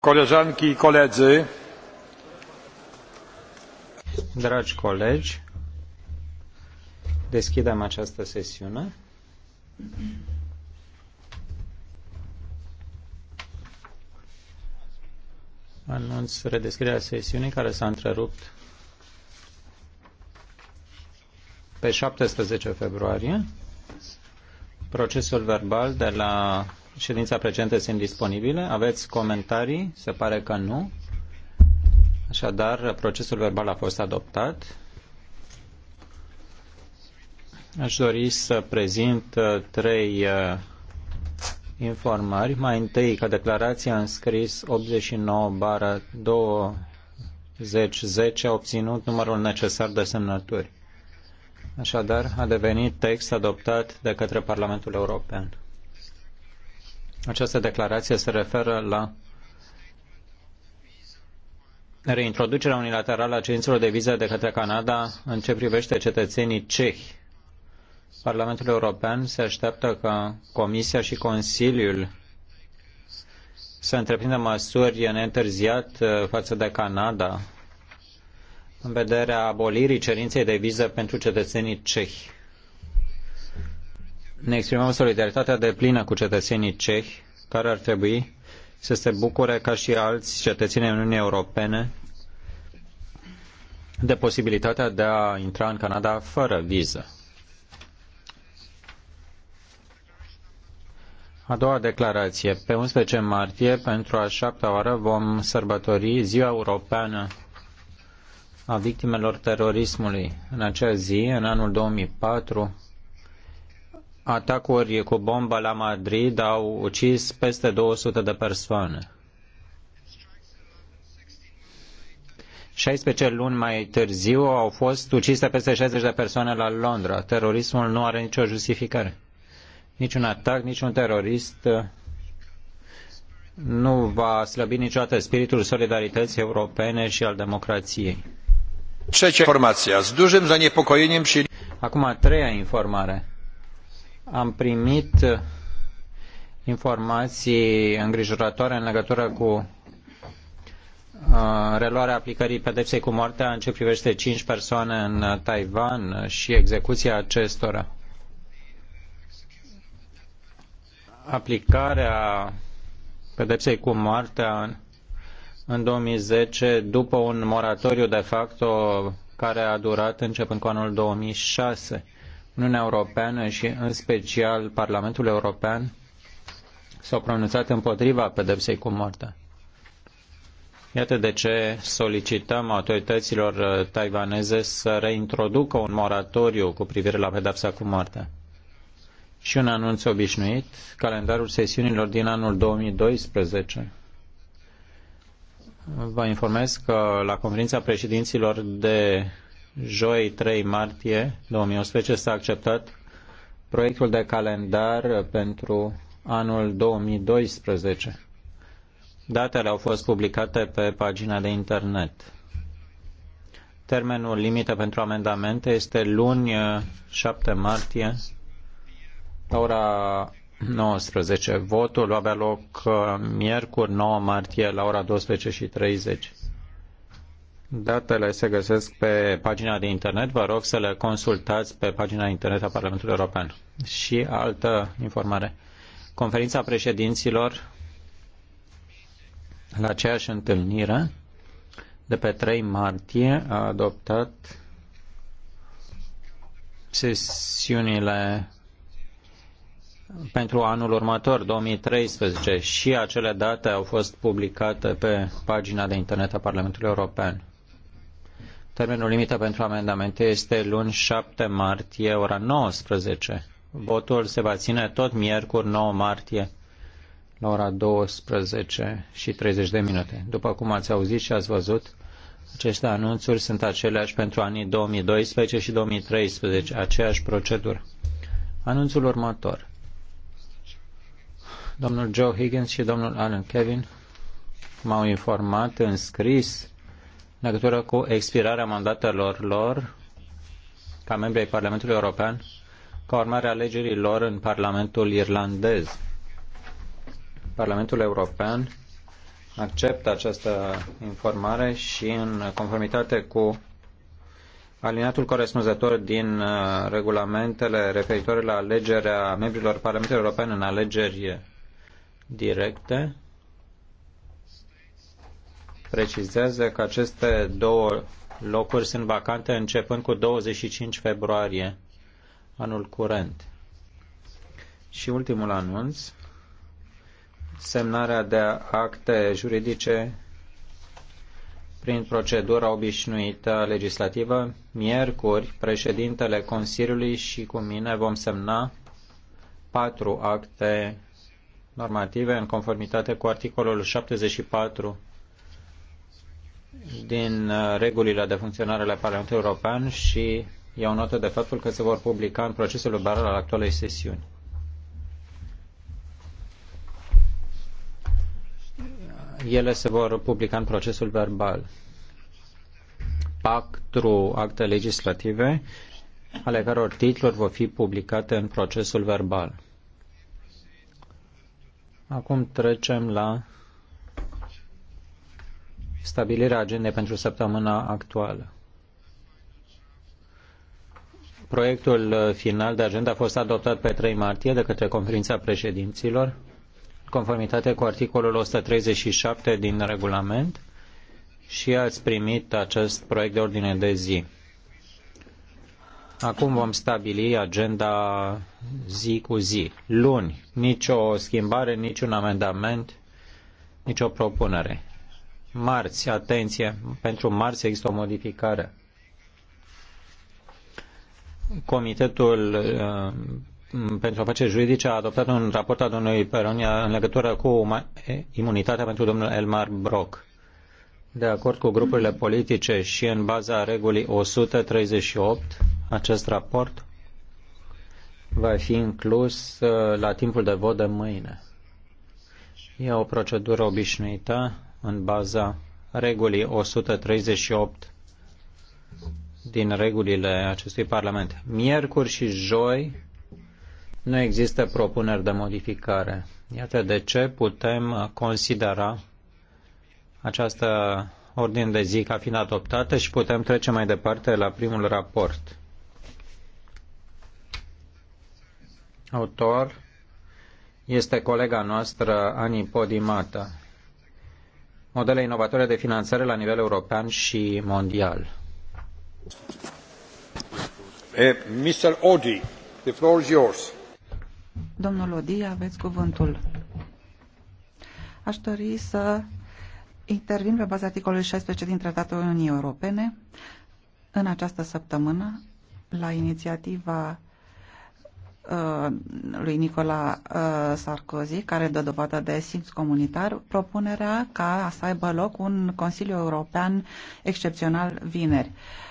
Koleżanki i koledzy. Dragi colegi, deschidem această sesiune. Anunț redeschiderea sesiunii care s-a întrerupt pe 17 februarie. Procesul verbal de la ședința precedentă sunt disponibile. Aveți comentarii? Se pare că nu. Așadar, procesul verbal a fost adoptat. Aș dori să prezint uh, trei uh, informări. Mai întâi, că declarația în scris 89 bară 2010 a obținut numărul necesar de semnături. Așadar, a devenit text adoptat de către Parlamentul European. Această declarație se referă la reintroducerea unilaterală a cerințelor de viză de către Canada în ce privește cetățenii cehi. Parlamentul European se așteaptă ca Comisia și Consiliul să întreprindă măsuri neîntârziat uh, față de Canada în vederea abolirii cerinței de viză pentru cetățenii cehi ne exprimăm solidaritatea de plină cu cetățenii cehi care ar trebui să se bucure ca și alți cetățeni Uniunii Europene de posibilitatea de a intra în Canada fără viză. A doua declarație. Pe 11 martie, pentru a șaptea oară, vom sărbători Ziua Europeană a Victimelor Terorismului. În acea zi, în anul 2004, atacuri cu bombă la Madrid au ucis peste 200 de persoane. 16 luni mai târziu au fost ucise peste 60 de persoane la Londra. Terorismul nu are nicio justificare. Niciun atac, niciun terorist uh, nu va slăbi niciodată spiritul solidarității europene și al democrației. Trzecia informația. Z dużym zaniepokojeniem Acum a treia informare am primit uh, informații îngrijorătoare în legătură cu uh, reluarea aplicării pedepsei cu moartea în ce privește cinci persoane în Taiwan și execuția acestora. Aplicarea pedepsei cu moartea în 2010 după un moratoriu de facto care a durat începând cu anul 2006. Uniunea Europeană și în special Parlamentul European s-au pronunțat împotriva pedepsei cu moartea. Iată de ce solicităm autorităților uh, taiwaneze să reintroducă un moratoriu cu privire la pedepsa cu moartea. Și un anunț obișnuit, calendarul sesiunilor din anul 2012. Vă informez că la conferința președinților de joi 3 martie 2011 s-a acceptat proiectul de calendar pentru anul 2012. Datele au fost publicate pe pagina de internet. Termenul limită pentru amendamente este luni 7 martie la ora 19. Votul va avea loc uh, miercuri 9 martie la ora 12 și 30. Datele se găsesc pe pagina de internet, vă rog să le consultați pe pagina de internet a Parlamentului European. Și altă informare. Conferința președinților la aceeași întâlnire de pe 3 martie a adoptat sesiunile pentru anul următor, 2013, și acele date au fost publicate pe pagina de internet a Parlamentului European. Termenul limită pentru amendamente este luni 7 martie, ora 19. Votul se va ține tot miercuri 9 martie la ora 12 și 30 de minute. După cum ați auzit și ați văzut, aceste anunțuri sunt aceleași pentru anii 2012 și 2013, aceeași procedură. Anunțul următor. Domnul Joe Higgins și domnul Alan Kevin m-au informat în scris în legătură cu expirarea mandatelor lor ca membri ai Parlamentului European ca urmare a alegerii lor în Parlamentul irlandez. Parlamentul European acceptă această informare și în conformitate cu aliniatul corespunzător din uh, regulamentele referitoare la alegerea membrilor Parlamentului European în alegeri directe, precizează că aceste două locuri sunt vacante începând cu 25 februarie anul curent. Și ultimul anunț, semnarea de acte juridice prin procedura obișnuită legislativă. Miercuri, președintele Consiliului și cu mine vom semna patru acte normative în conformitate cu articolul 74 din uh, regulile de funcționare ale Parlamentului European și iau notă de faptul că se vor publica în procesul liberal al actualei sesiuni. Ele se vor publica în procesul verbal. Patru acte legislative ale căror titluri vor fi publicate în procesul verbal. Acum trecem la stabilirea agendei pentru săptămâna actuală. Proiectul final de agenda a fost adoptat pe 3 martie de către conferința președinților, conformitate cu articolul 137 din regulament și ați primit acest proiect de ordine de zi. Acum vom stabili agenda zi cu zi. Luni, nicio schimbare, niciun amendament, nicio propunere marți, atenție, pentru marți există o modificare. Comitetul uh, pentru afaceri juridice a adoptat un raport al domnului Peronia în legătură cu imunitatea pentru domnul Elmar Brock. De acord cu grupurile politice și în baza regulii 138, acest raport va fi inclus uh, la timpul de vot de mâine. E o procedură obișnuită în baza regulii 138 din regulile acestui Parlament. Miercuri și joi nu există propuneri de modificare. Iată de ce putem considera această ordine de zi ca fiind adoptată și putem trece mai departe la primul raport. Autor este colega noastră Ani Podimata modele inovatoare de finanțare la nivel european și mondial. Mr. Odi, the floor is yours. Domnul Odi, aveți cuvântul. Aș dori să intervin pe baza articolului 16 din Tratatul Uniunii Europene. În această săptămână, la inițiativa Uh, lui Nicola uh, Sarkozy, care dă dovadă de simț comunitar, propunerea ca să aibă loc un Consiliu European excepțional vineri. Uh,